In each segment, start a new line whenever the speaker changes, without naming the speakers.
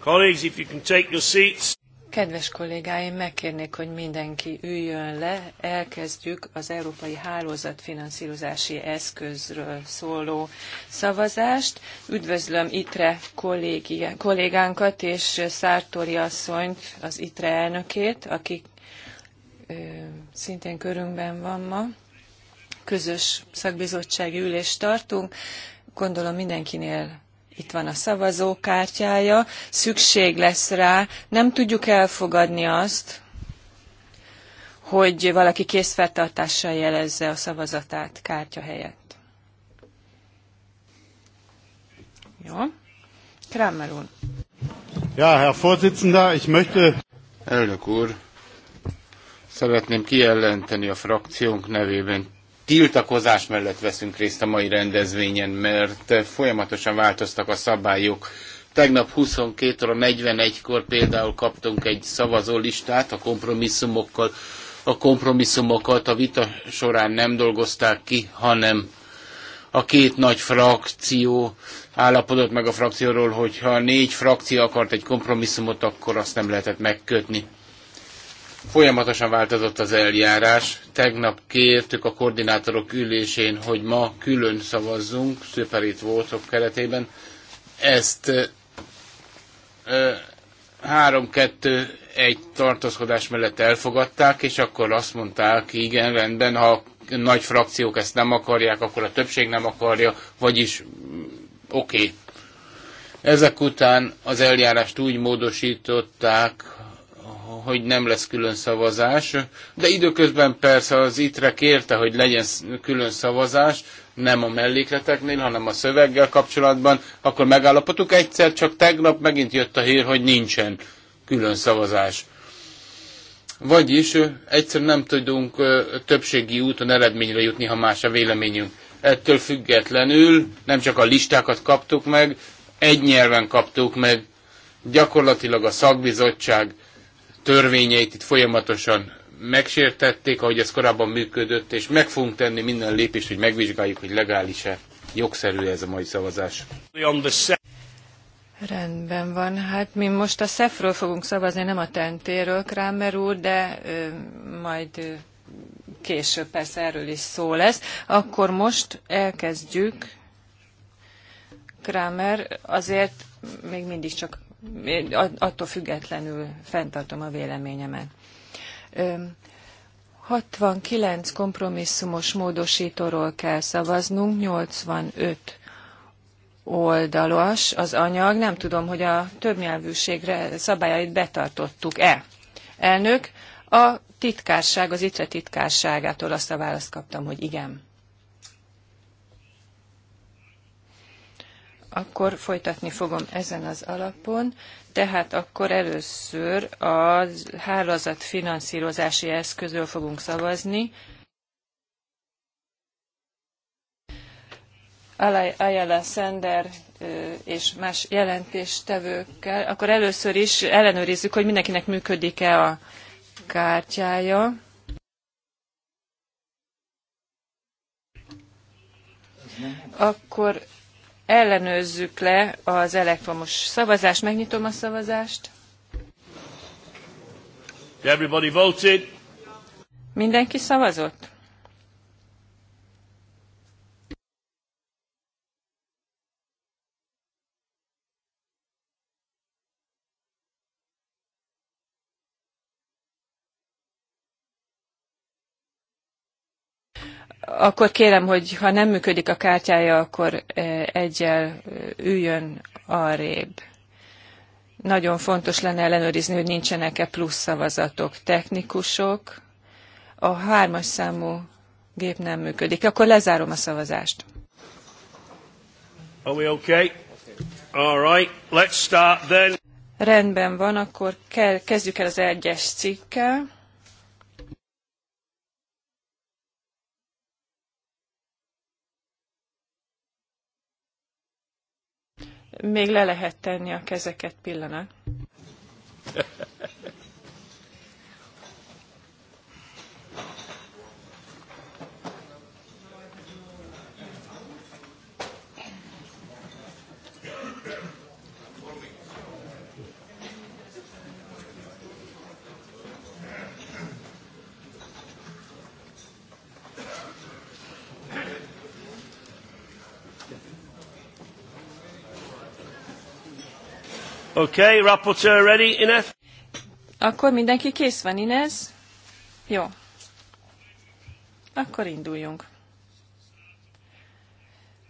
Colleagues, if you can take your seats. Kedves kollégáim, megkérnék, hogy mindenki üljön le. Elkezdjük az Európai Hálózat finanszírozási eszközről szóló szavazást. Üdvözlöm ITRE kollégi, kollégánkat és Szártori asszonyt, az ITRE elnökét, aki ö, szintén körünkben van ma. Közös szakbizottsági ülést tartunk. Gondolom mindenkinél itt van a szavazókártyája, szükség lesz rá. Nem tudjuk elfogadni azt, hogy valaki készfeltartással jelezze a szavazatát kártya helyett. Jó. Kramer úr.
Ja, Herr Vorsitzender, ich möchte...
Elnök úr, szeretném kijelenteni a frakciónk nevében tiltakozás mellett veszünk részt a mai rendezvényen, mert folyamatosan változtak a szabályok. Tegnap 22 óra 41-kor például kaptunk egy szavazólistát a kompromisszumokkal. A kompromisszumokat a vita során nem dolgozták ki, hanem a két nagy frakció állapodott meg a frakcióról, hogy ha négy frakció akart egy kompromisszumot, akkor azt nem lehetett megkötni. Folyamatosan változott az eljárás. Tegnap kértük a koordinátorok ülésén, hogy ma külön szavazzunk, szöperít voltok keretében. Ezt 3-2 egy tartózkodás mellett elfogadták, és akkor azt mondták, igen, rendben, ha nagy frakciók ezt nem akarják, akkor a többség nem akarja, vagyis oké. Okay. Ezek után az eljárást úgy módosították, hogy nem lesz külön szavazás, de időközben persze az ITRE kérte, hogy legyen külön szavazás, nem a mellékleteknél, hanem a szöveggel kapcsolatban, akkor megállapodtuk egyszer, csak tegnap megint jött a hír, hogy nincsen külön szavazás. Vagyis egyszer nem tudunk többségi úton eredményre jutni, ha más a véleményünk. Ettől függetlenül nem csak a listákat kaptuk meg, egy nyelven kaptuk meg, gyakorlatilag a szakbizottság törvényeit itt folyamatosan megsértették, ahogy ez korábban működött, és meg fogunk tenni minden lépést, hogy megvizsgáljuk, hogy legális-e, jogszerű ez a mai szavazás.
Rendben van. Hát mi most a SZEF-ről fogunk szavazni, nem a tentéről, Kramer úr, de ö, majd ö, később persze erről is szó lesz. Akkor most elkezdjük. Kramer azért még mindig csak attól függetlenül fenntartom a véleményemet. 69 kompromisszumos módosítóról kell szavaznunk, 85 oldalas az anyag. Nem tudom, hogy a többnyelvűségre szabályait betartottuk-e. Elnök, a titkárság, az ITRE titkárságától azt a választ kaptam, hogy igen. akkor folytatni fogom ezen az alapon. Tehát akkor először a hálózat finanszírozási eszközről fogunk szavazni. Ayala Sender és más jelentéstevőkkel, akkor először is ellenőrizzük, hogy mindenkinek működik-e a kártyája. Akkor ellenőrzzük le az elektromos szavazást. Megnyitom a szavazást. Everybody voted. Mindenki szavazott? akkor kérem, hogy ha nem működik a kártyája, akkor e, egyel e, üljön arrébb. Nagyon fontos lenne ellenőrizni, hogy nincsenek-e plusz szavazatok, technikusok. A hármas számú gép nem működik. Akkor lezárom a szavazást. Are we okay? All right, let's start then. Rendben van, akkor kell, kezdjük el az egyes cikkel. Még le lehet tenni a kezeket pillanat. Okay, rapporteur ready, Ines? Akkor mindenki kész van, Inez? Jó. Akkor induljunk.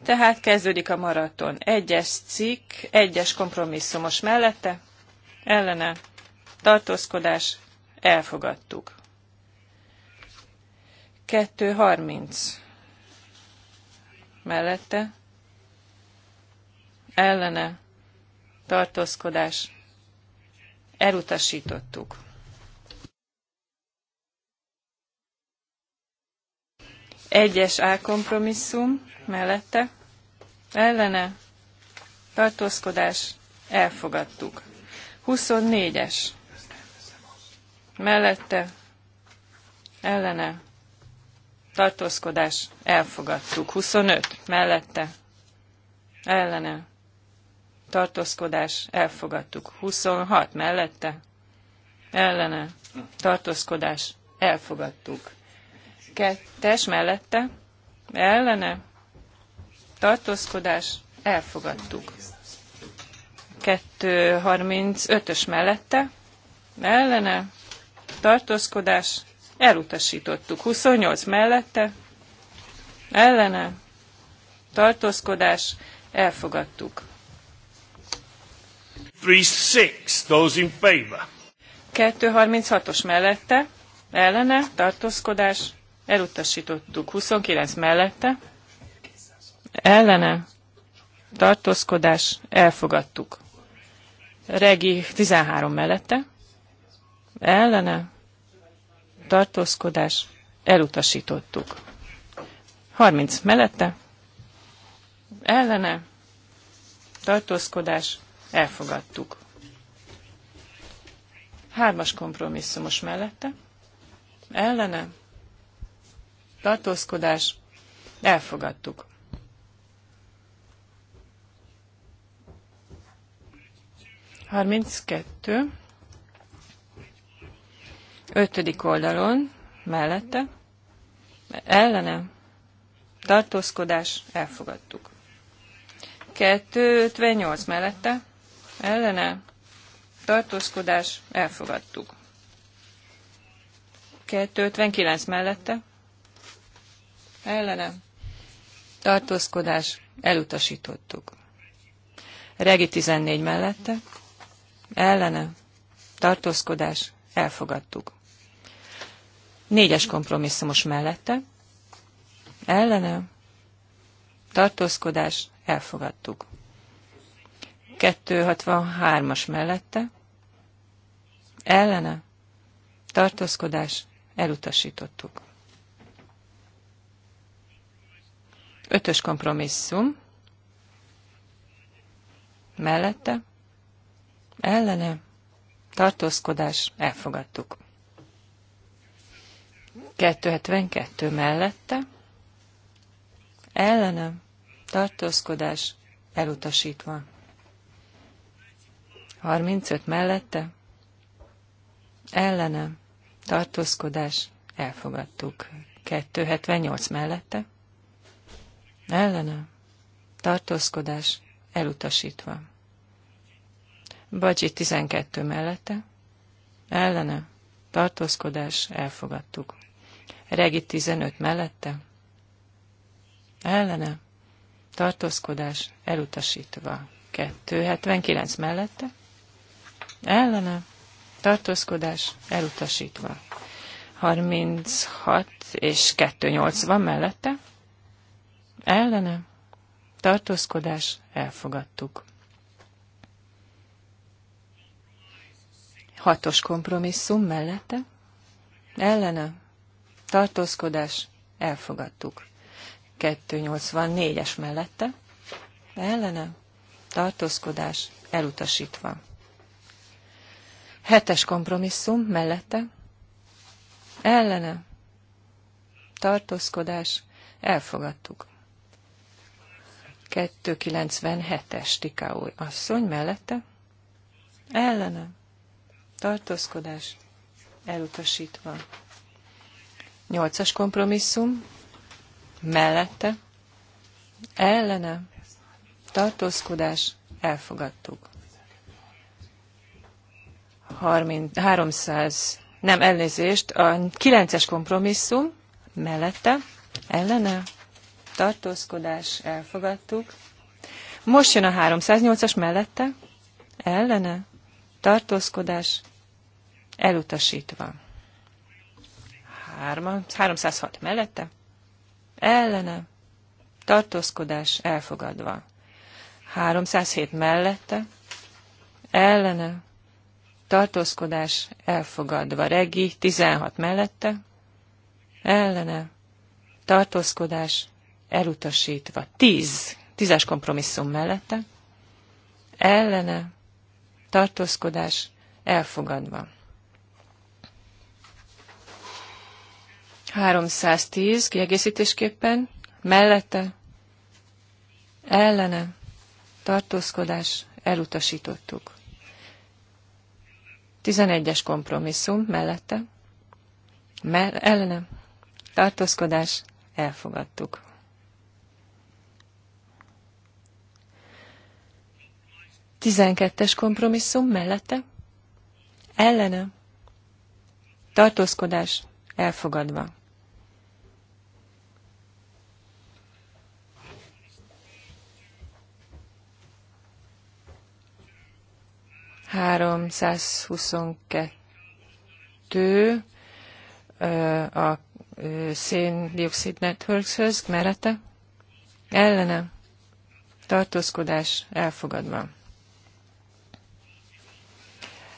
Tehát kezdődik a maraton. Egyes cikk, egyes kompromisszumos mellette, ellene, tartózkodás, elfogadtuk. 2.30 mellette, ellene, tartózkodás, elutasítottuk. Egyes A kompromisszum mellette, ellene, tartózkodás, elfogadtuk. 24-es mellette, ellene, tartózkodás, elfogadtuk. 25 mellette, ellene, tartózkodás, elfogadtuk. 26 mellette, ellene, tartózkodás, elfogadtuk. Kettes mellette, ellene, tartózkodás, elfogadtuk. 235-ös mellette, ellene, tartózkodás, elutasítottuk. 28 mellette, ellene, tartózkodás, elfogadtuk. 236, those in favor. 236-os mellette, ellene, tartózkodás, elutasítottuk. 29 mellette, ellene, tartózkodás, elfogadtuk. Regi 13 mellette, ellene, tartózkodás, elutasítottuk. 30 mellette, ellene, tartózkodás, Elfogadtuk. Hármas kompromisszumos mellette. Ellene. Tartózkodás. Elfogadtuk. Harminckettő. Ötödik oldalon. Mellette. Ellene. Tartózkodás. Elfogadtuk. ötvennyolc mellette ellene tartózkodás elfogadtuk. 259 mellette ellene tartózkodás elutasítottuk. Regi 14 mellette ellene tartózkodás elfogadtuk. Négyes kompromisszumos mellette ellene tartózkodás elfogadtuk. 263-as mellette, ellene, tartózkodás, elutasítottuk. Ötös kompromisszum, mellette, ellene, tartózkodás, elfogadtuk. 272 mellette, ellene, tartózkodás, elutasítva. 35 mellette, ellene, tartózkodás, elfogadtuk. 278 mellette, ellene, tartózkodás, elutasítva. Bajsi 12 mellette, ellene, tartózkodás, elfogadtuk. Regi 15 mellette, ellene, tartózkodás, elutasítva. 279 mellette, ellene, tartózkodás elutasítva. 36 és 280 mellette, ellene, tartózkodás elfogadtuk. Hatos kompromisszum mellette, ellene, tartózkodás elfogadtuk. 284-es mellette, ellene, tartózkodás elutasítva. Hetes kompromisszum mellette. Ellene. Tartózkodás. Elfogadtuk. 297-es Tika asszony mellette. Ellene. Tartózkodás. Elutasítva. Nyolcas kompromisszum. Mellette. Ellene. Tartózkodás. Elfogadtuk. 30, 300, nem elnézést, a 9-es kompromisszum mellette, ellene, tartózkodás, elfogadtuk. Most jön a 308-as mellette, ellene, tartózkodás, elutasítva. 3, 306 mellette, ellene, tartózkodás, elfogadva. 307 mellette, ellene, tartózkodás elfogadva. Regi 16 mellette, ellene, tartózkodás elutasítva. 10, 10-es kompromisszum mellette, ellene, tartózkodás elfogadva. 310 kiegészítésképpen, mellette, ellene, tartózkodás elutasítottuk. 11-es kompromisszum mellette, mell ellene, tartózkodás, elfogadtuk. Tizenkettes kompromisszum mellette, ellene, tartózkodás, elfogadva. 322 a széndiokszid networkshöz merete ellene, tartózkodás elfogadva.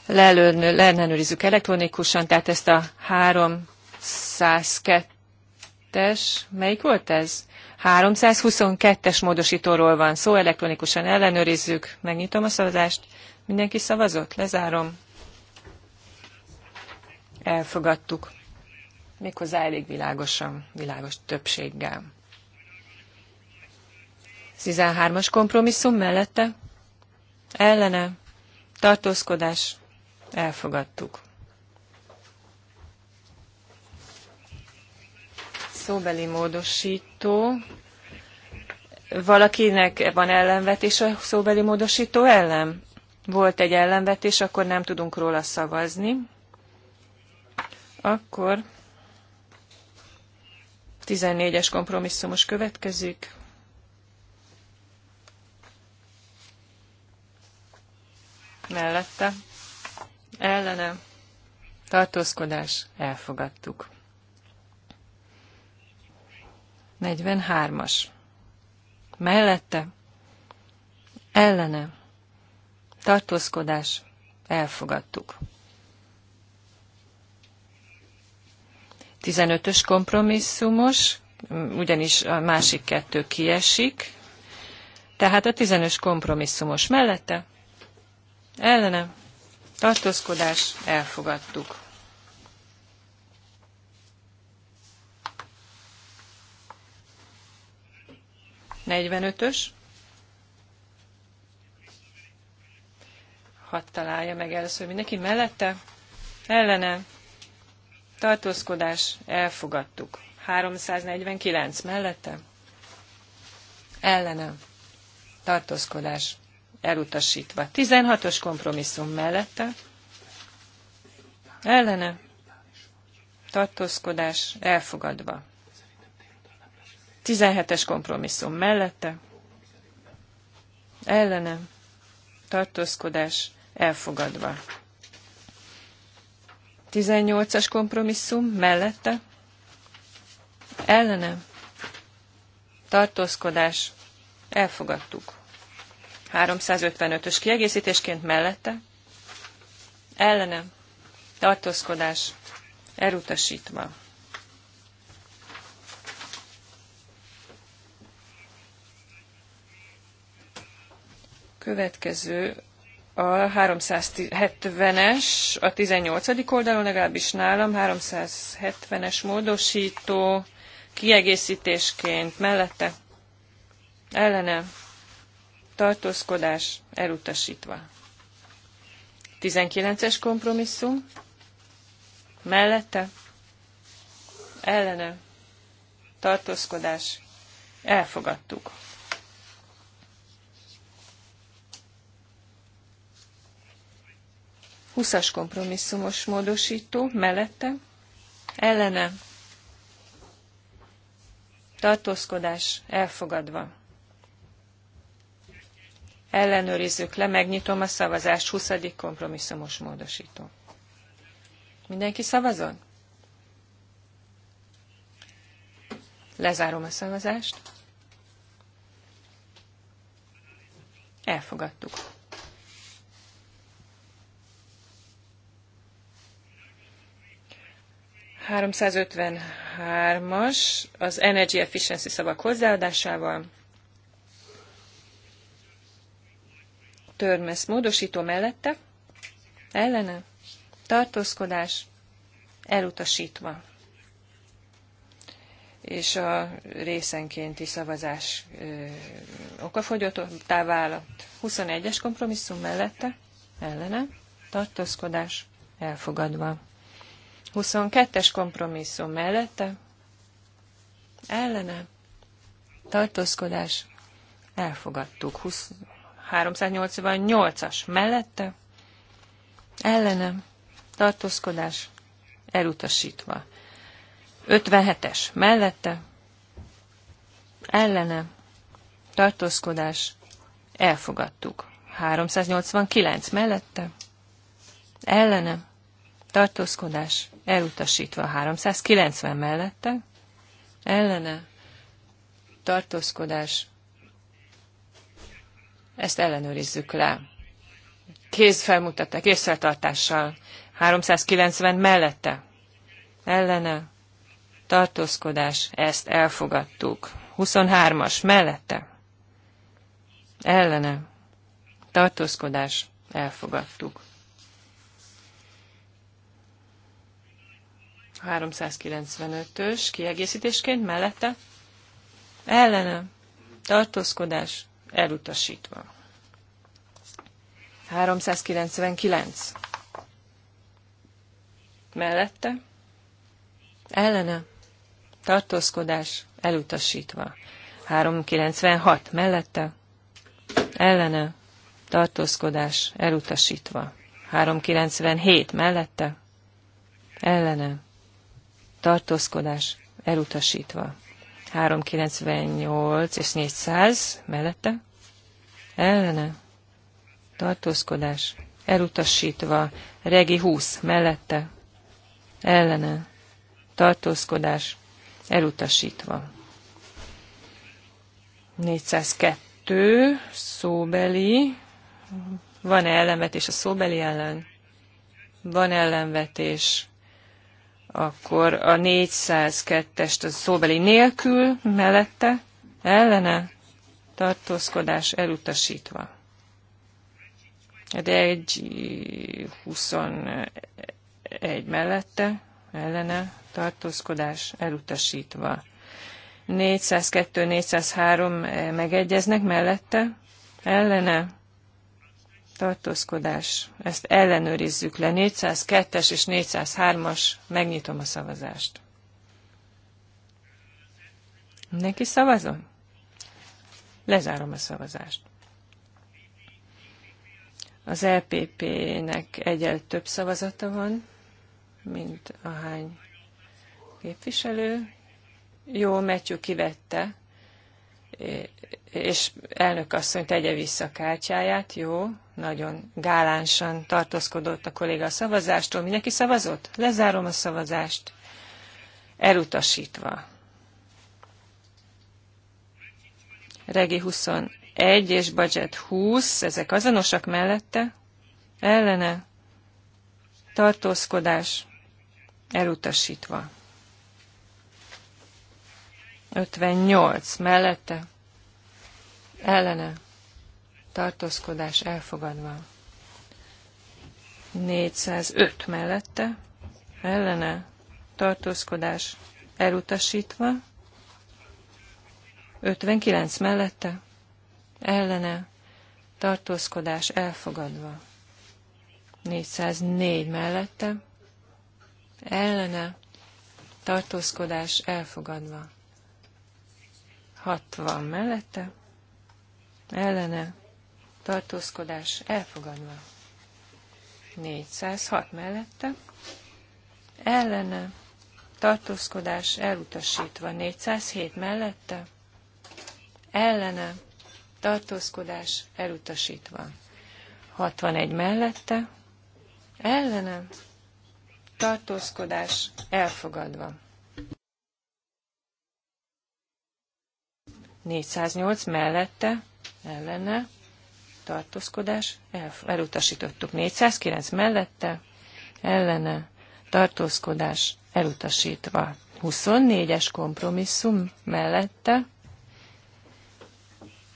lennőrizzük elektronikusan, tehát ezt a 302-es, melyik volt ez? 322-es módosítóról van szó, elektronikusan ellenőrizzük, megnyitom a szavazást. Mindenki szavazott? Lezárom. Elfogadtuk. Méghozzá elég világosan, világos többséggel. 13-as kompromisszum mellette? Ellene. Tartózkodás. Elfogadtuk. Szóbeli módosító. Valakinek van ellenvetés a szóbeli módosító ellen? volt egy ellenvetés, akkor nem tudunk róla szavazni. Akkor 14-es kompromisszumos következik. Mellette. Ellene. Tartózkodás. Elfogadtuk. 43-as. Mellette. Ellene tartózkodás, elfogadtuk. 15-ös kompromisszumos, ugyanis a másik kettő kiesik, tehát a 15-ös kompromisszumos mellette, ellene, tartózkodás, elfogadtuk. Negyvenötös. hadd találja meg először mindenki mellette. Ellene. Tartózkodás. Elfogadtuk. 349 mellette. Ellene. Tartózkodás. Elutasítva. 16-os kompromisszum mellette. Ellene. Tartózkodás. Elfogadva. 17-es kompromisszum mellette. Ellene tartózkodás elfogadva. 18-as kompromisszum mellette, ellene, tartózkodás, elfogadtuk. 355-ös kiegészítésként mellette, ellene, tartózkodás, elutasítva. Következő a 370-es, a 18. oldalon legalábbis nálam 370-es módosító kiegészítésként mellette ellene tartózkodás elutasítva. 19-es kompromisszum mellette ellene tartózkodás elfogadtuk. 20-as kompromisszumos módosító mellette, ellene, tartózkodás elfogadva. Ellenőrizzük le, megnyitom a szavazást, 20. kompromisszumos módosító. Mindenki szavazon? Lezárom a szavazást. Elfogadtuk. 353-as az Energy Efficiency szavak hozzáadásával. Törmesz módosító mellette. Ellene. Tartózkodás. Elutasítva. És a részenkénti szavazás ö, okafogyottá vállott. 21-es kompromisszum mellette. Ellene. Tartózkodás. Elfogadva. 22-es kompromisszum mellette, ellene, tartózkodás, elfogadtuk. 20, 388-as mellette, ellene, tartózkodás, elutasítva. 57-es mellette, ellene, tartózkodás, elfogadtuk. 389 mellette, ellene, tartózkodás elutasítva 390 mellette, ellene tartózkodás, ezt ellenőrizzük le. Kézfelmutatás, készfeltartással, 390 mellette, ellene tartózkodás, ezt elfogadtuk. 23-as mellette, ellene tartózkodás, elfogadtuk. 395-ös kiegészítésként mellette ellene tartózkodás elutasítva. 399 mellette ellene tartózkodás elutasítva. 396 mellette ellene tartózkodás elutasítva. 397 mellette ellene tartózkodás elutasítva. 398 és 400 mellette, ellene, tartózkodás elutasítva, regi 20 mellette, ellene, tartózkodás elutasítva. 402 szóbeli, van -e ellenvetés a szóbeli ellen? Van ellenvetés akkor a 402-est a szóbeli nélkül mellette ellene tartózkodás elutasítva. De egy 21 mellette ellene tartózkodás elutasítva. 402-403 megegyeznek mellette ellene tartózkodás, ezt ellenőrizzük le. 402-es és 403-as, megnyitom a szavazást. Neki szavazom? Lezárom a szavazást. Az LPP-nek e egyel több szavazata van, mint ahány képviselő. Jó, Matthew kivette és elnök asszony tegye vissza a kártyáját, jó, nagyon gálánsan tartózkodott a kolléga a szavazástól. Mindenki szavazott? Lezárom a szavazást. Elutasítva. Regi 21 és budget 20, ezek azonosak mellette? Ellene? Tartózkodás? Elutasítva. 58 mellette ellene tartózkodás elfogadva. 405 mellette ellene tartózkodás elutasítva. 59 mellette ellene tartózkodás elfogadva. 404 mellette ellene tartózkodás elfogadva. 60 mellette, ellene, tartózkodás elfogadva. 406 mellette, ellene, tartózkodás elutasítva. 407 mellette, ellene, tartózkodás elutasítva. 61 mellette, ellene, tartózkodás elfogadva. 408 mellette, ellene, tartózkodás, el, elutasítottuk. 409 mellette, ellene, tartózkodás, elutasítva. 24-es kompromisszum mellette,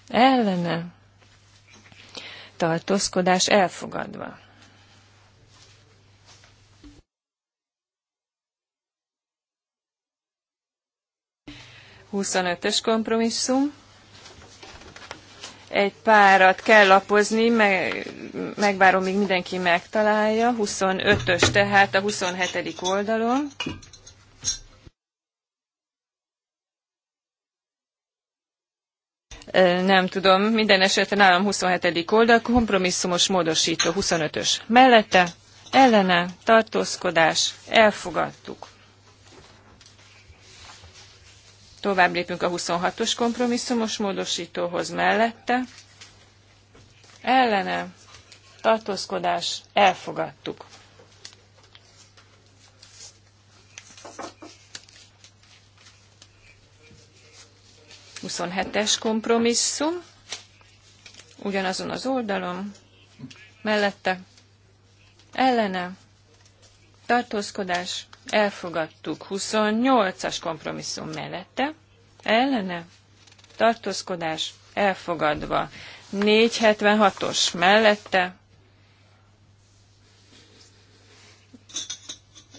ellene, tartózkodás elfogadva. 25-ös kompromisszum. Egy párat kell lapozni, meg, megvárom, míg mindenki megtalálja. 25-ös tehát a 27. oldalon. nem tudom, minden esetre nálam 27. oldal, kompromisszumos módosító 25-ös. Mellette, ellene, tartózkodás, elfogadtuk. Tovább lépünk a 26-os kompromisszumos módosítóhoz mellette. Ellene tartózkodás elfogadtuk. Huszonhetes kompromisszum, ugyanazon az oldalon, mellette, ellene, tartózkodás, elfogadtuk 28-as kompromisszum mellette, ellene, tartózkodás, elfogadva 476-os mellette,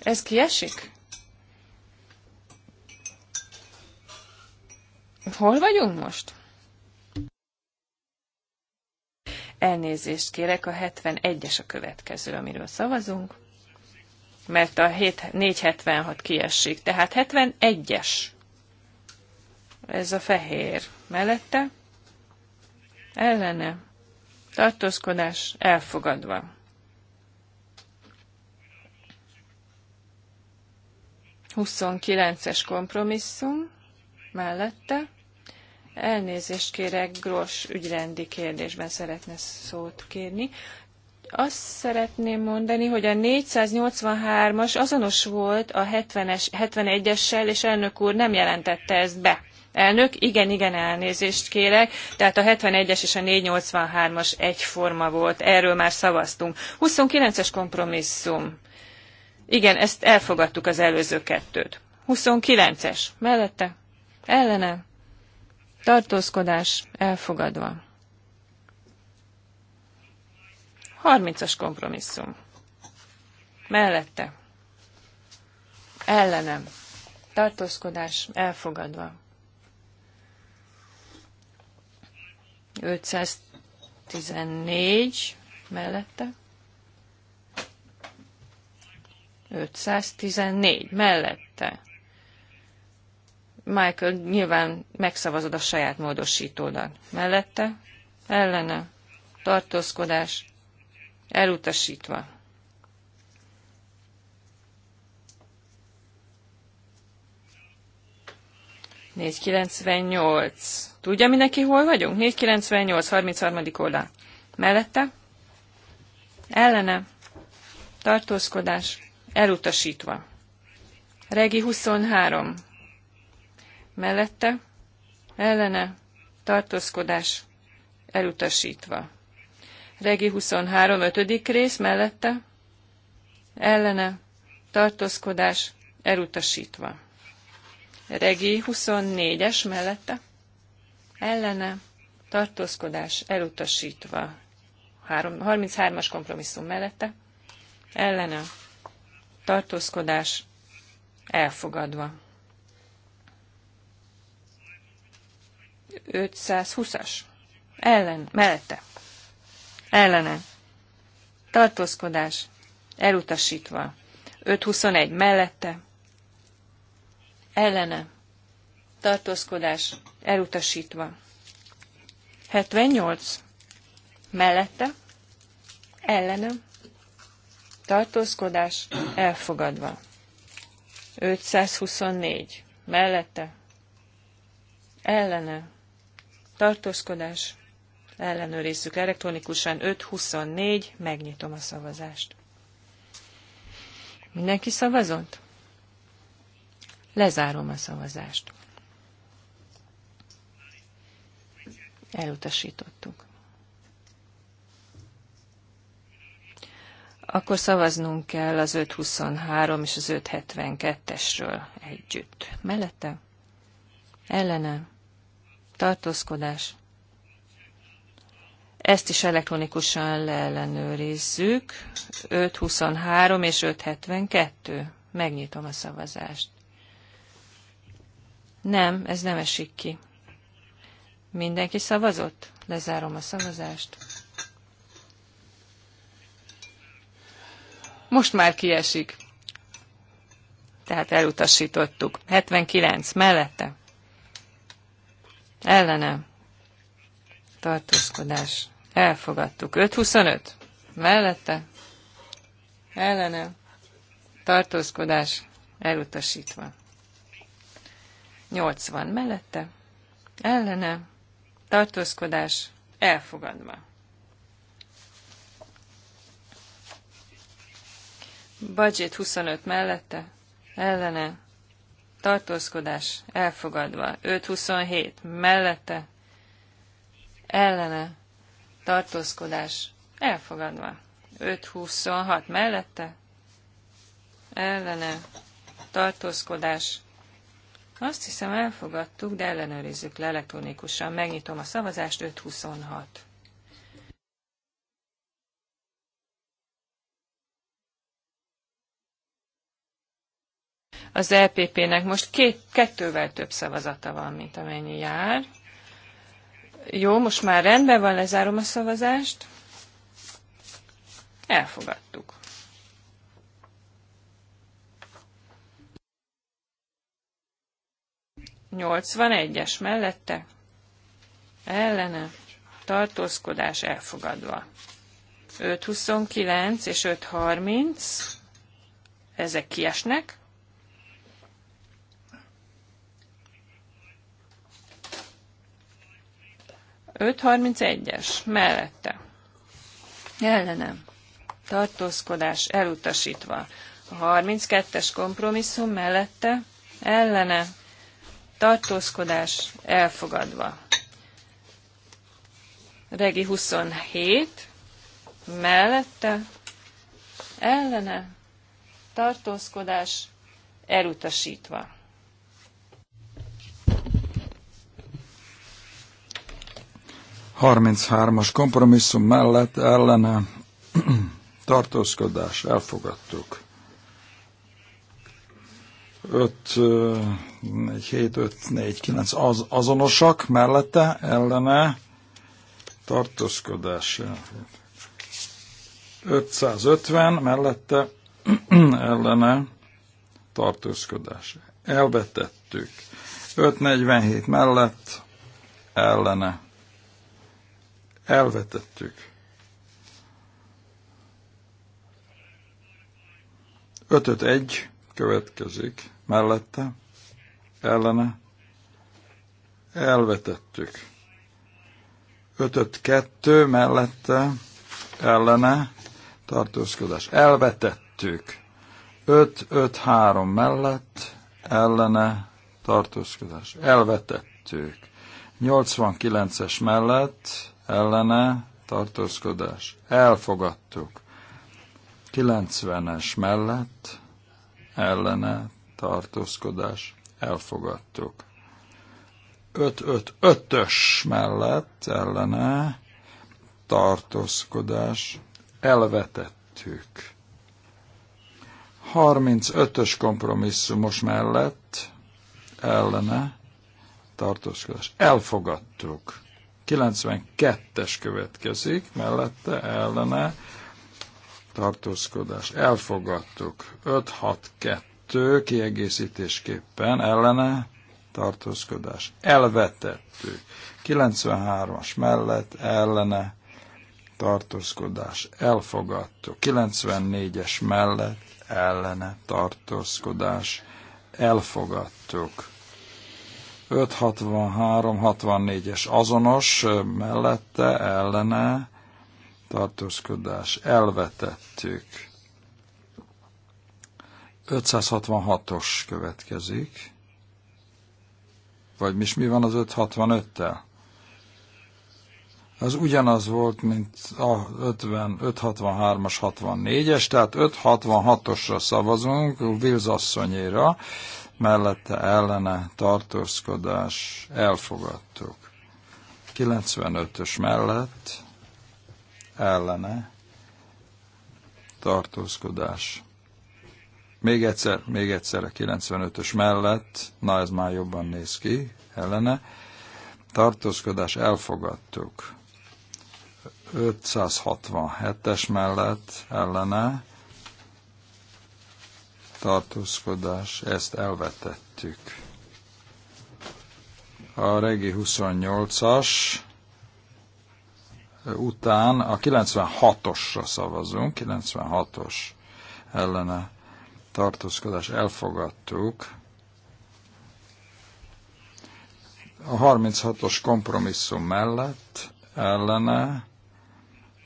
ez kiesik? Hol vagyunk most? Elnézést kérek, a 71-es a következő, amiről szavazunk mert a 476 kiesik. Tehát 71-es. Ez a fehér. Mellette? Ellene. Tartózkodás elfogadva. Huszonkilences kompromisszum mellette. Elnézést kérek, Gross ügyrendi kérdésben szeretne szót kérni. Azt szeretném mondani, hogy a 483-as azonos volt a 70-es, 71-essel, és elnök úr nem jelentette ezt be. Elnök, igen, igen, elnézést kérek. Tehát a 71-es és a 483-as egyforma volt. Erről már szavaztunk. 29-es kompromisszum. Igen, ezt elfogadtuk az előző kettőt. 29-es. Mellette? Ellene? Tartózkodás elfogadva. Harmincas kompromisszum. Mellette. Ellenem. Tartózkodás elfogadva. 514 mellette. 514 mellette. Michael, nyilván megszavazod a saját módosítódat. Mellette, ellene, tartózkodás, Elutasítva. Négy kilencvennyolc. Tudja mindenki, hol vagyunk? Négy kilencvennyolc, harmincharmadik oldal. Mellette? Ellene. Tartózkodás. Elutasítva. Regi 23. Mellette? Ellene. Tartózkodás. Elutasítva. Regi 23. 5. rész mellette ellene tartózkodás elutasítva. Regi 24-es mellette ellene tartózkodás elutasítva. 33-as kompromisszum mellette ellene tartózkodás elfogadva. 520-as ellen mellette ellene, tartózkodás, elutasítva. 521 mellette, ellene, tartózkodás, elutasítva. 78 mellette, ellene, tartózkodás, elfogadva. 524 mellette, ellene, tartózkodás, ellenőrizzük elektronikusan. 5-24, megnyitom a szavazást. Mindenki szavazott? Lezárom a szavazást. Elutasítottuk. Akkor szavaznunk kell az 523 és az 572-esről együtt. Mellette? Ellene? Tartózkodás? Ezt is elektronikusan leellenőrizzük. 523 és 572. Megnyitom a szavazást. Nem, ez nem esik ki. Mindenki szavazott? Lezárom a szavazást. Most már kiesik. Tehát elutasítottuk. 79 mellette. Ellene. Tartózkodás Elfogadtuk. 525. Mellette. Ellene. Tartózkodás elutasítva. 80 mellette, ellene, tartózkodás elfogadva. Budget 25 mellette, ellene, tartózkodás elfogadva. 527 mellette, ellene, tartózkodás elfogadva. 5-26 mellette, ellene, tartózkodás. Azt hiszem elfogadtuk, de ellenőrizzük le elektronikusan. Megnyitom a szavazást, 5-26. Az LPP-nek e most két, kettővel több szavazata van, mint amennyi jár. Jó, most már rendben van, lezárom a szavazást. Elfogadtuk. Nyolcvan egyes mellette. Ellene. Tartózkodás elfogadva. 5.29 és 5.30. Ezek kiesnek. 531-es mellette. Ellenem. Tartózkodás elutasítva. A 32-es kompromisszum mellette. Ellene. Tartózkodás elfogadva. Regi 27 mellette. Ellene. Tartózkodás elutasítva.
33-as kompromisszum mellett ellene tartózkodás elfogadtuk. 5, 4, 7, 5, 4, 9 az, azonosak mellette ellene tartózkodás. 550 mellette ellene tartózkodás. Elvetettük. 547 mellett ellene elvetettük. Ötöt egy következik mellette, ellene, elvetettük. Ötöt kettő mellette, ellene, tartózkodás, elvetettük. Öt, öt három mellett, ellene, tartózkodás, elvetettük. 89-es mellett, ellene tartózkodás. Elfogadtuk. 90-es mellett ellene tartózkodás. Elfogadtuk. 5-5-5-ös mellett ellene tartózkodás. Elvetettük. 35-ös kompromisszumos mellett ellene tartózkodás. Elfogadtuk. 92-es következik, mellette ellene tartózkodás. Elfogadtuk. 5-6-2 kiegészítésképpen ellene tartózkodás. Elvetettük. 93-as mellett ellene tartózkodás. Elfogadtuk. 94-es mellett ellene tartózkodás. Elfogadtuk. 563-64-es azonos, mellette, ellene, tartózkodás, elvetettük. 566-os következik. Vagy mi, mi van az 565-tel? Az ugyanaz volt, mint a 563-as, 64-es, tehát 566-osra szavazunk, Vilzasszonyéra mellette ellene tartózkodás elfogadtuk. 95-ös mellett ellene tartózkodás. Még egyszer, még egyszer a 95-ös mellett, na ez már jobban néz ki, ellene, tartózkodás elfogadtuk. 567-es mellett ellene tartózkodás, ezt elvetettük. A regi 28-as után a 96-osra szavazunk, 96-os ellene tartózkodás elfogadtuk. A 36-os kompromisszum mellett ellene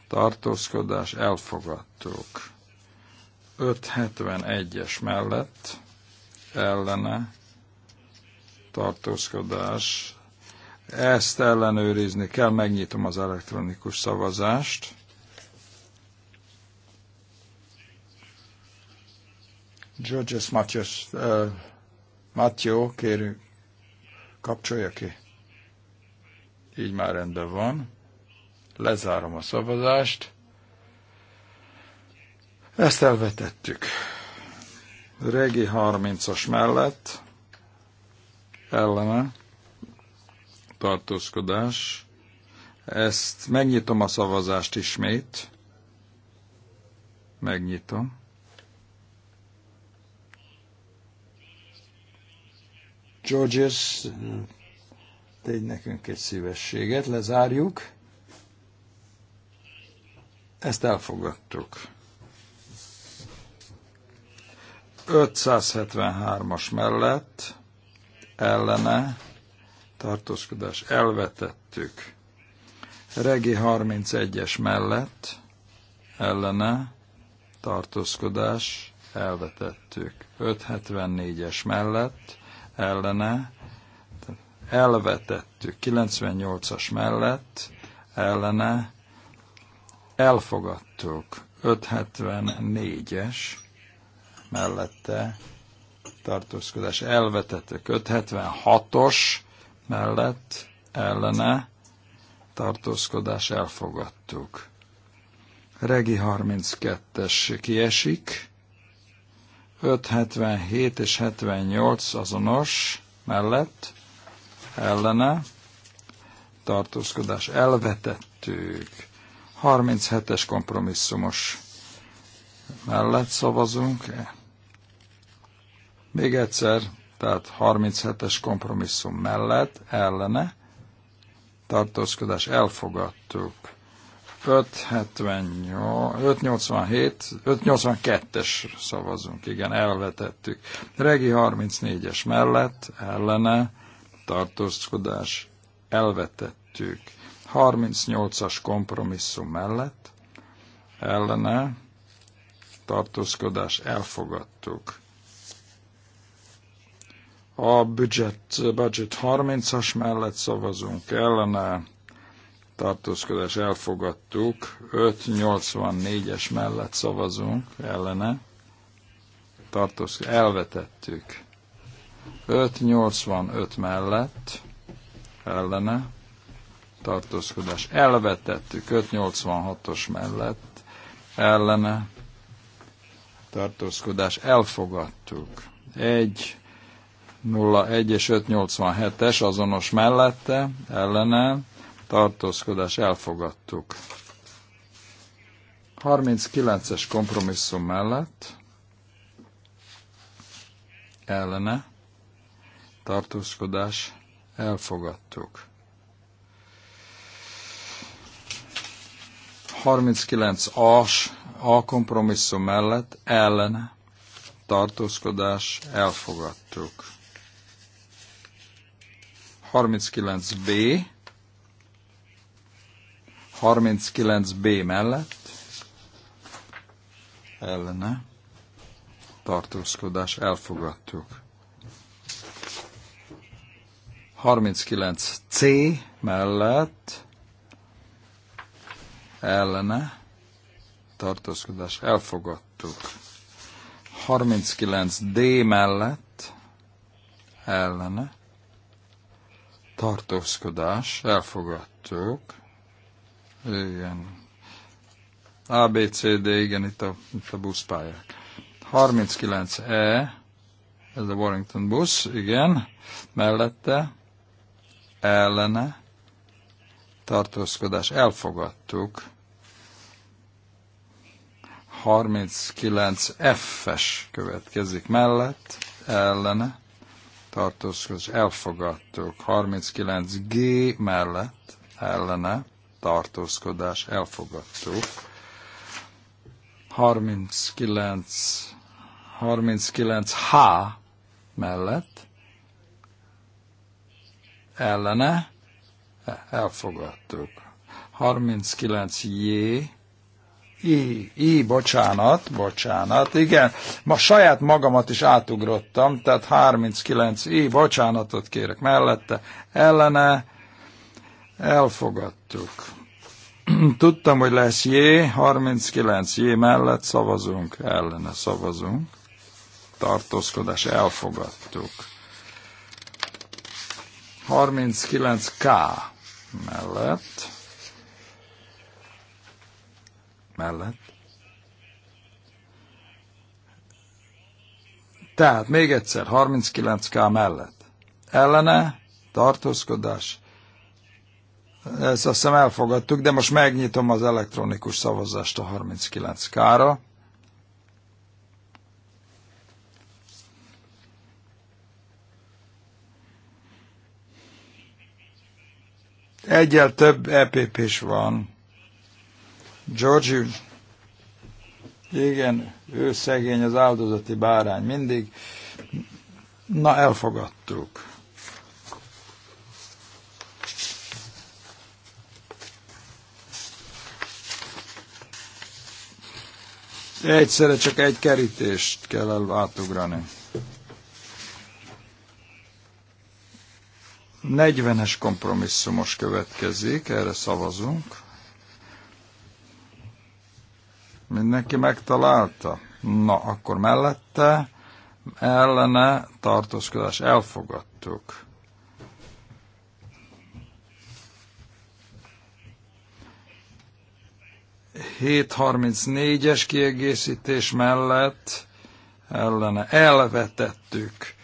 tartózkodás elfogadtuk. 571-es mellett ellene tartózkodás. Ezt ellenőrizni kell, megnyitom az elektronikus szavazást. Georges Matthews, uh, Matthew, kérünk, kapcsolja ki. Így már rendben van. Lezárom a szavazást. Ezt elvetettük. Regi 30-as mellett ellene tartózkodás. Ezt megnyitom a szavazást ismét. Megnyitom. Georges, tegy nekünk egy szívességet, lezárjuk. Ezt elfogadtuk. 573-as mellett ellene tartózkodás elvetettük. Regi 31-es mellett ellene tartózkodás elvetettük. 574-es mellett ellene elvetettük. 98-as mellett ellene elfogadtuk. 574-es mellette tartózkodás köt, 76 os mellett ellene tartózkodás elfogadtuk. Regi 32-es kiesik. 577 és 78 azonos mellett ellene tartózkodás elvetettük. 37-es kompromisszumos mellett szavazunk. Még egyszer, tehát 37-es kompromisszum mellett, ellene, tartózkodás elfogadtuk. 587, 582-es szavazunk, igen, elvetettük. Regi 34-es mellett, ellene, tartózkodás elvetettük. 38-as kompromisszum mellett, ellene, tartózkodás elfogadtuk. A budget, budget 30-as mellett szavazunk ellene, tartózkodás elfogadtuk, 584-es mellett szavazunk ellene, tartózkodás elvetettük, 585 mellett ellene, tartózkodás elvetettük, 586-os mellett ellene, tartózkodás elfogadtuk, egy és 587-es azonos mellette, ellene, tartózkodás elfogadtuk. 39-es kompromisszum mellett, ellene, tartózkodás elfogadtuk. 39-as a kompromisszum mellett ellene tartózkodás elfogadtuk. 39B, 39B mellett ellene tartózkodás elfogadtuk. 39C mellett ellene tartózkodás elfogadtuk. 39D mellett ellene tartózkodás, elfogadtuk. Igen. ABCD, igen, itt a, itt a buszpályák. 39E, ez a Warrington busz, igen, mellette, ellene, tartózkodás, elfogadtuk. 39F-es következik mellett, ellene, tartózkodás elfogadtuk. 39G mellett ellene tartózkodás elfogadtuk. 39, 39H mellett ellene elfogadtuk. 39J Í, í, bocsánat, bocsánat, igen, ma saját magamat is átugrottam, tehát 39, í, bocsánatot kérek mellette, ellene, elfogadtuk. Tudtam, hogy lesz J, 39 J mellett szavazunk, ellene szavazunk, tartózkodás, elfogadtuk. 39K mellett, mellett. Tehát még egyszer 39K mellett. Ellene tartózkodás. Ezt azt hiszem elfogadtuk, de most megnyitom az elektronikus szavazást a 39K-ra. Egyel több EPP-s van. Georgiou. Igen, ő szegény, az áldozati bárány mindig. Na, elfogadtuk. Egyszerre csak egy kerítést kell el átugrani. 40-es kompromisszumos következik, erre szavazunk. Mindenki megtalálta? Na, akkor mellette ellene tartózkodás elfogadtuk. es kiegészítés mellett ellene elvetettük.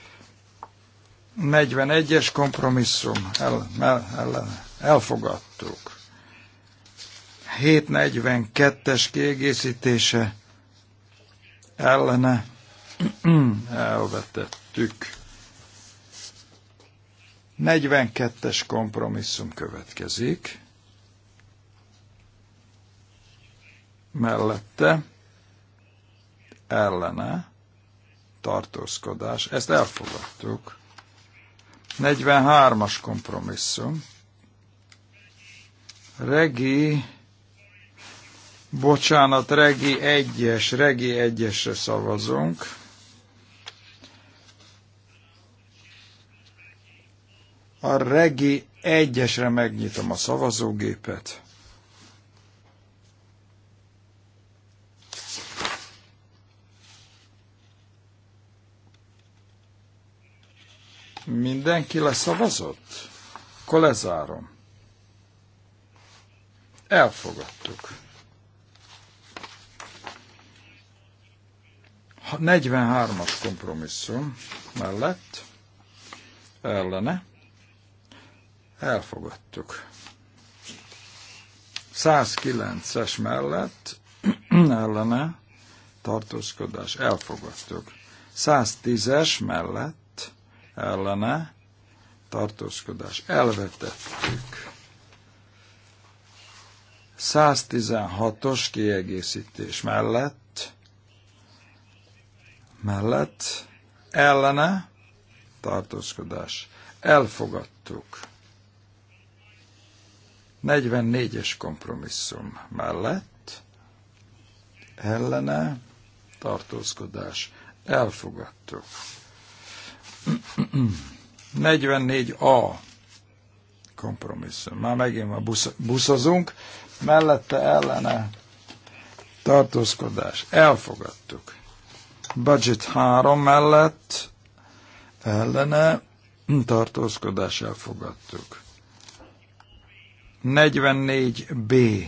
41-es kompromisszum el, el, ellene elfogadtuk. 742-es kiegészítése ellene elvetettük. 42-es kompromisszum következik. Mellette ellene tartózkodás. Ezt elfogadtuk. 43-as kompromisszum. Regi Bocsánat, regi 1-es, regi 1-esre szavazunk. A regi 1-esre megnyitom a szavazógépet. Mindenki leszavazott? Akkor lezárom. Elfogadtuk. 43-as kompromisszum mellett ellene elfogadtuk. 109-es mellett ellene tartózkodás elfogadtuk. 110-es mellett ellene tartózkodás elvetettük. 116-os kiegészítés mellett mellett ellene tartózkodás. Elfogadtuk. 44-es kompromisszum mellett ellene tartózkodás. Elfogadtuk. 44A kompromisszum. Már megint a busz, buszozunk, mellette ellene tartózkodás. Elfogadtuk. Budget 3 mellett ellene tartózkodás elfogadtuk. 44B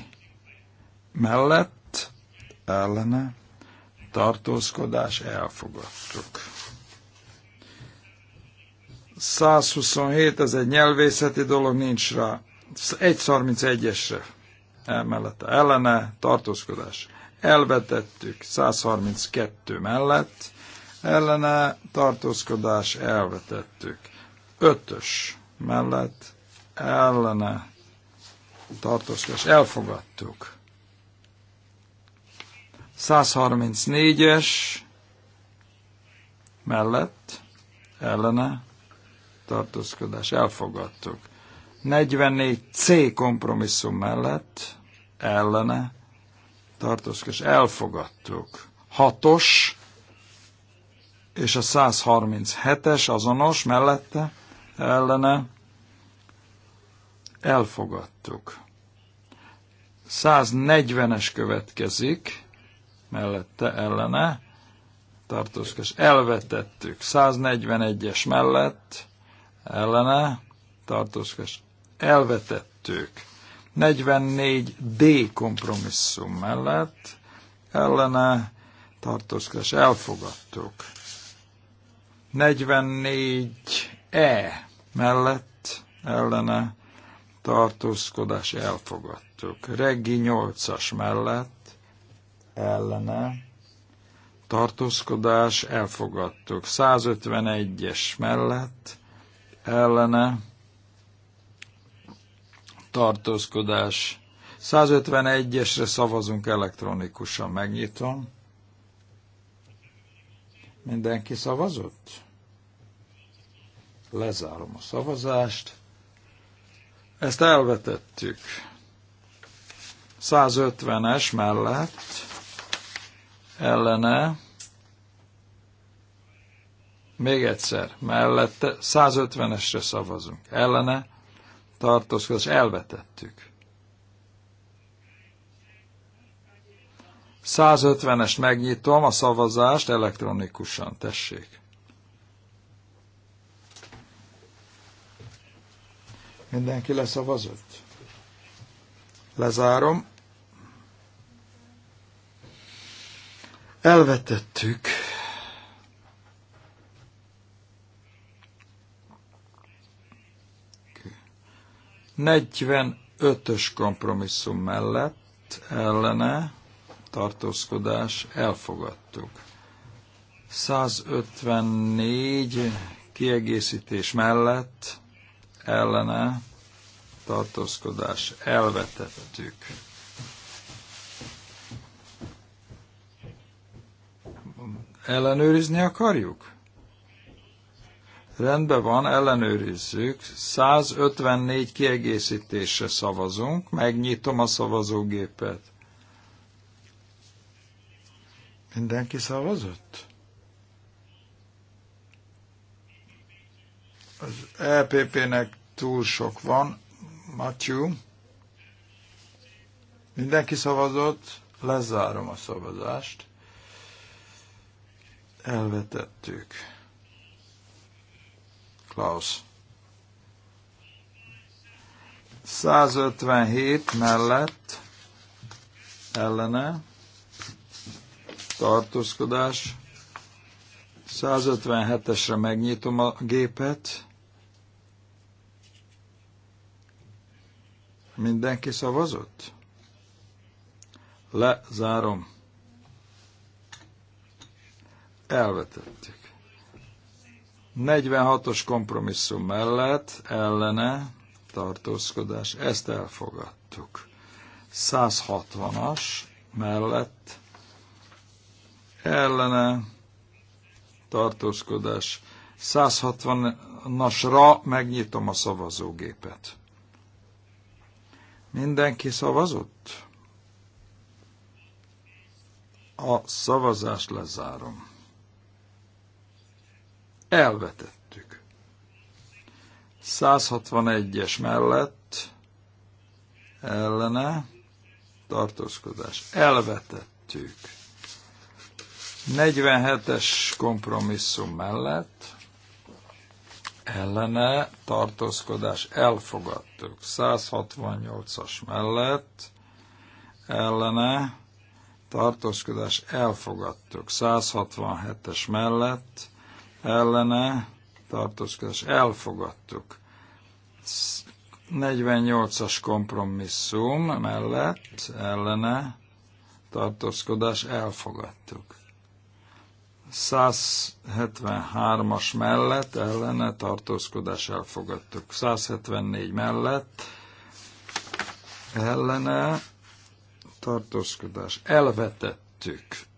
mellett ellene tartózkodás elfogadtuk. 127, ez egy nyelvészeti dolog, nincs rá. 131-esre emellett ellene tartózkodás elvetettük 132 mellett, ellene tartózkodás elvetettük 5-ös mellett, ellene tartózkodás elfogadtuk. 134-es mellett, ellene tartózkodás elfogadtuk. 44C kompromisszum mellett, ellene tartózkodás elfogadtuk. Hatos és a 137-es azonos mellette ellene elfogadtuk. 140-es következik, mellette ellene, tartózkodás, elvetettük. 141-es mellett ellene, tartózkodás, elvetettük. 44D kompromisszum mellett ellene tartózkodás elfogadtuk. 44E mellett ellene tartózkodás elfogadtuk. Reggi 8-as mellett ellene tartózkodás elfogadtuk. 151-es mellett ellene tartózkodás. 151-esre szavazunk elektronikusan, megnyitom. Mindenki szavazott? Lezárom a szavazást. Ezt elvetettük. 150-es mellett ellene még egyszer, mellette 150-esre szavazunk. Ellene tartózkodás elvetettük. 150-est megnyitom a szavazást elektronikusan, tessék. Mindenki leszavazott? Lezárom. Elvetettük 45-ös kompromisszum mellett ellene tartózkodás elfogadtuk. 154 kiegészítés mellett ellene tartózkodás elvetettük. Ellenőrizni akarjuk? Rendben van, ellenőrizzük. 154 kiegészítésre szavazunk. Megnyitom a szavazógépet. Mindenki szavazott? Az EPP-nek túl sok van. Matthew. Mindenki szavazott? Lezárom a szavazást. Elvetettük. Klaus. 157 mellett ellene tartózkodás. 157-esre megnyitom a gépet. Mindenki szavazott? Lezárom. Elvetették. 46-os kompromisszum mellett ellene tartózkodás. Ezt elfogadtuk. 160-as mellett ellene tartózkodás. 160-asra megnyitom a szavazógépet. Mindenki szavazott? A szavazást lezárom elvetettük. 161-es mellett ellene tartózkodás. Elvetettük. 47-es kompromisszum mellett ellene tartózkodás elfogadtuk. 168-as mellett ellene tartózkodás elfogadtuk. 167-es mellett ellene tartózkodás elfogadtuk. 48-as kompromisszum mellett ellene tartózkodás elfogadtuk. 173-as mellett ellene tartózkodás elfogadtuk. 174 mellett ellene tartózkodás elvetettük.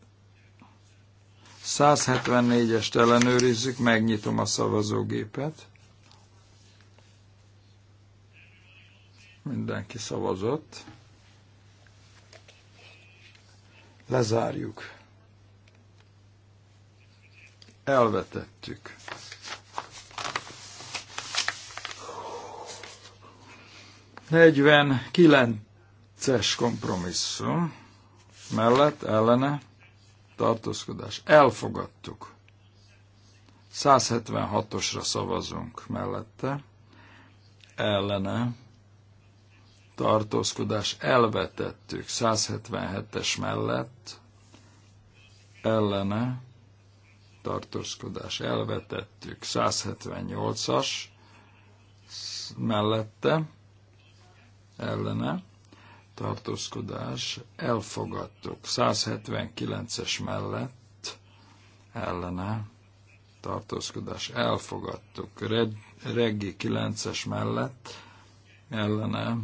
174-est ellenőrizzük, megnyitom a szavazógépet. Mindenki szavazott. Lezárjuk. Elvetettük. Negyven kilences kompromisszum mellett ellene tartózkodás elfogadtuk. 176-osra szavazunk mellette, ellene tartózkodás elvetettük 177-es mellett, ellene tartózkodás elvetettük 178-as mellette, ellene tartózkodás, elfogadtuk. 179-es mellett ellene tartózkodás, elfogadtuk. Red, reggi 9-es mellett ellene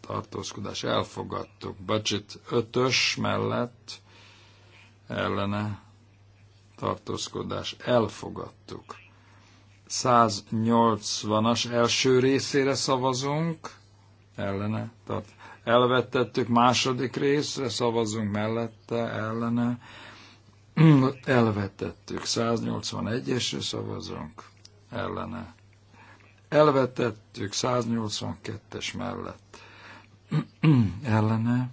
tartózkodás, elfogadtuk. Budget 5-ös mellett ellene tartózkodás, elfogadtuk. 180-as első részére szavazunk ellene Tehát Elvettettük második részre, szavazunk mellette, ellene. elvettettük 181-esre szavazunk, ellene. elvettettük 182-es mellett. ellene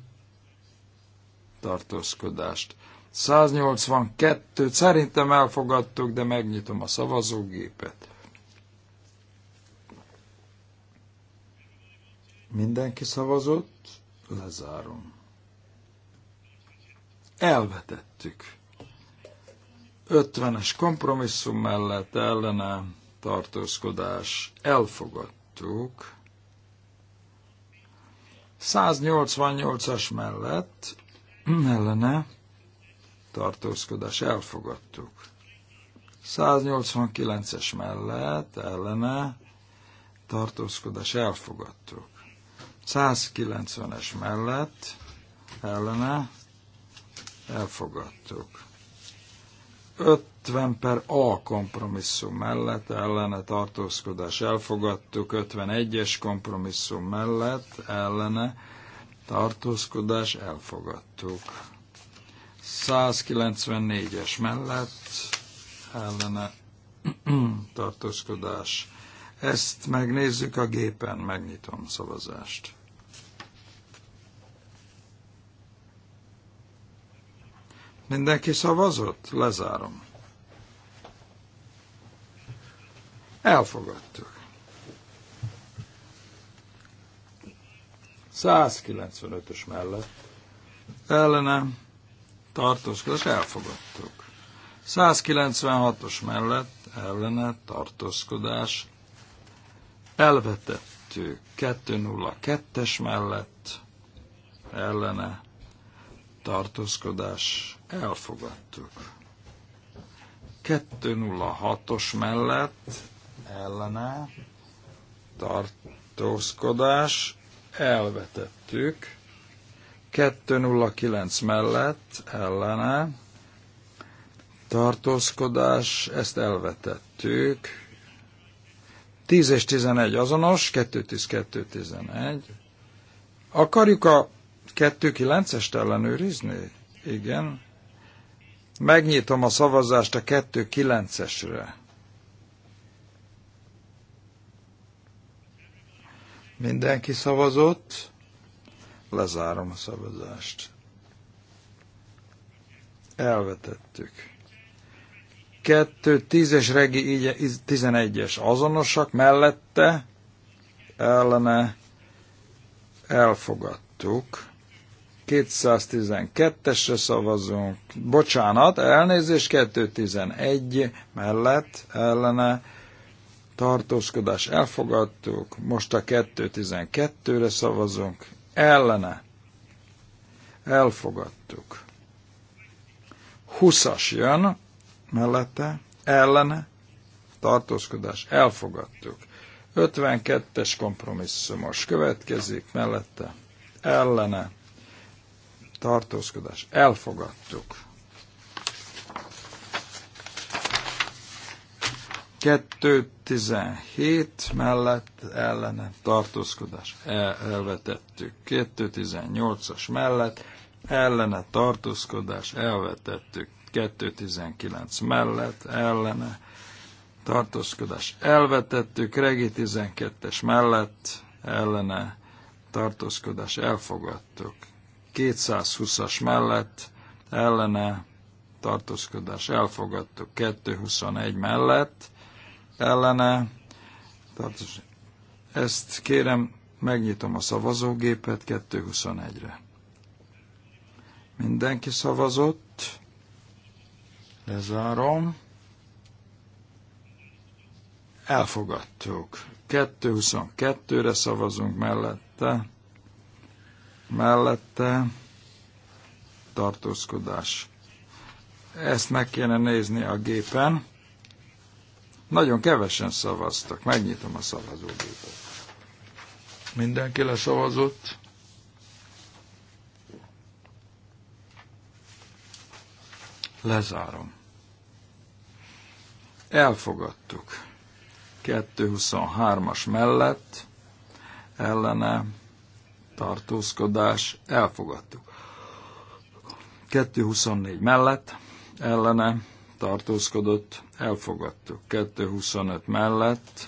tartózkodást. 182-t szerintem elfogadtuk, de megnyitom a szavazógépet. Mindenki szavazott, lezárom. Elvetettük. 50-es kompromisszum mellett ellene tartózkodás elfogadtuk. 188-as mellett ellene tartózkodás elfogadtuk. 189-es mellett ellene tartózkodás elfogadtuk. 190-es mellett ellene elfogadtuk. 50 per A kompromisszum mellett ellene tartózkodás elfogadtuk, 51-es kompromisszum mellett ellene tartózkodás elfogadtuk. 194-es mellett ellene tartózkodás ezt megnézzük a gépen, megnyitom szavazást. Mindenki szavazott? Lezárom. Elfogadtuk. 195-ös mellett ellene tartózkodás elfogadtuk. 196-os mellett ellene tartózkodás elvetettük 202-es mellett ellene tartózkodás elfogadtuk. 206-os mellett ellene tartózkodás elvetettük. 209 mellett ellene tartózkodás, ezt elvetettük. 10 és 11 azonos, 2, 10, 2, 11. Akarjuk a 2, 9-est ellenőrizni? Igen. Megnyitom a szavazást a 2, 9-esre. Mindenki szavazott. Lezárom a szavazást. Elvetettük kettő, tízes regi 11-es azonosak, mellette ellene elfogadtuk. 212-esre szavazunk. Bocsánat, elnézés 211 mellett ellene tartózkodás elfogadtuk. Most a 212-re szavazunk. Ellene elfogadtuk. 20-as jön mellette, ellene, tartózkodás, elfogadtuk. 52-es kompromisszumos következik, mellette, ellene, tartózkodás, elfogadtuk. 217 mellett ellene tartózkodás El, elvetettük. 218-as mellett ellene tartózkodás elvetettük. 219 mellett ellene tartózkodás elvetettük, regi 12-es mellett ellene tartózkodás elfogadtuk, 220-as mellett ellene tartózkodás elfogadtuk, 221 mellett ellene tartózkodás. Ezt kérem, megnyitom a szavazógépet 221-re. Mindenki szavazott. Lezárom. Elfogadtuk. 222-re szavazunk mellette. Mellette tartózkodás. Ezt meg kéne nézni a gépen. Nagyon kevesen szavaztak. Megnyitom a szavazógépet. Mindenki leszavazott. Lezárom. Elfogadtuk. 223-as mellett ellene tartózkodás elfogadtuk. 224 mellett ellene tartózkodott, elfogadtuk. 225 mellett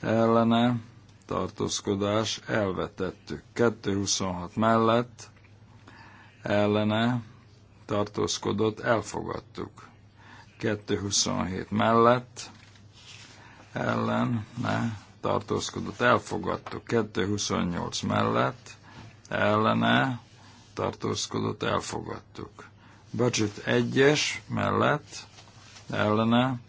ellene tartózkodás elvetettük. 226 mellett ellene tartózkodott, elfogadtuk. 227 mellett, ellen, ne, tartózkodott, elfogadtuk. 228 mellett, ellene, tartózkodott, elfogadtuk. Budget 1-es mellett, ellene,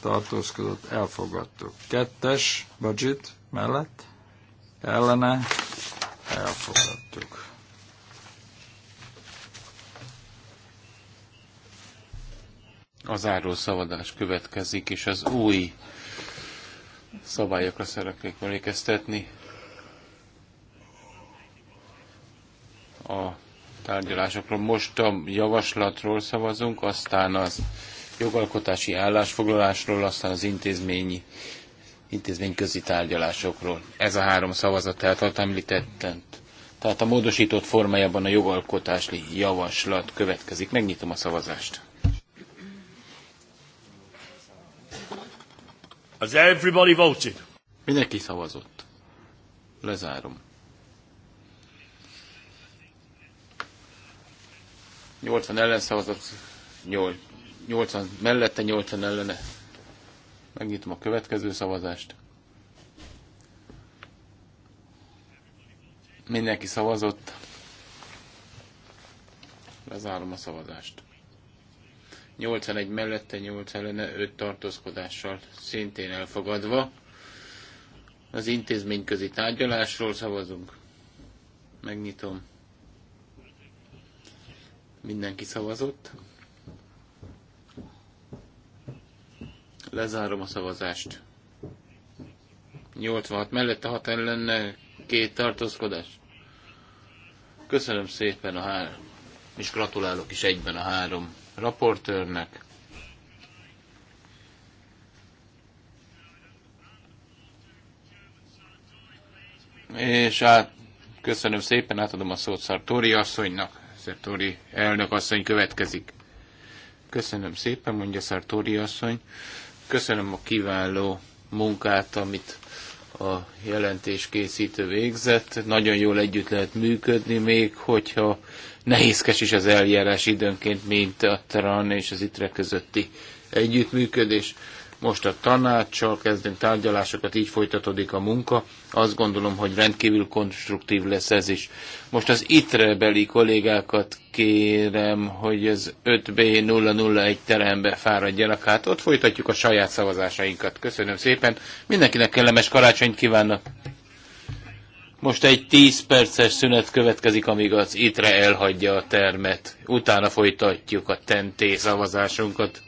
tartózkodott, elfogadtuk. 2-es budget mellett, ellene, elfogadtuk.
A záró szavazás következik, és az új szabályokra szeretnék emlékeztetni. A tárgyalásokról most a javaslatról szavazunk, aztán az jogalkotási állásfoglalásról, aztán az intézményi intézményközi tárgyalásokról. Ez a három szavazat tehát említettem. Tehát a módosított formájában a jogalkotási javaslat következik. Megnyitom a szavazást. Has everybody voted? Mindenki szavazott. Lezárom. 80 ellen szavazott, 80 mellette, 80 ellene. Megnyitom a következő szavazást. Mindenki szavazott. Lezárom a szavazást. 81 mellette, 8 ellene, 5 tartózkodással szintén elfogadva. Az intézményközi tárgyalásról szavazunk. Megnyitom. Mindenki szavazott. Lezárom a szavazást. 86 mellette, 6 ellene, 2 tartózkodás. Köszönöm szépen a három, és gratulálok is egyben a három raportőrnek. És át, köszönöm szépen, átadom a szót Szartóri asszonynak. Szartóri elnök asszony következik. Köszönöm szépen, mondja Szartóri asszony. Köszönöm a kiváló munkát, amit a jelentés készítő végzett. Nagyon jól együtt lehet működni, még hogyha nehézkes is az eljárás időnként, mint a TRAN és az ITRE közötti együttműködés. Most a tanácssal kezdünk tárgyalásokat, így folytatódik a munka. Azt gondolom, hogy rendkívül konstruktív lesz ez is. Most az ITRE-beli kollégákat kérem, hogy az 5B001 terembe fáradjanak. Hát ott folytatjuk a saját szavazásainkat. Köszönöm szépen. Mindenkinek kellemes karácsonyt kívánok. Most egy 10 perces szünet következik, amíg az ITRE elhagyja a termet. Utána folytatjuk a tenté szavazásunkat.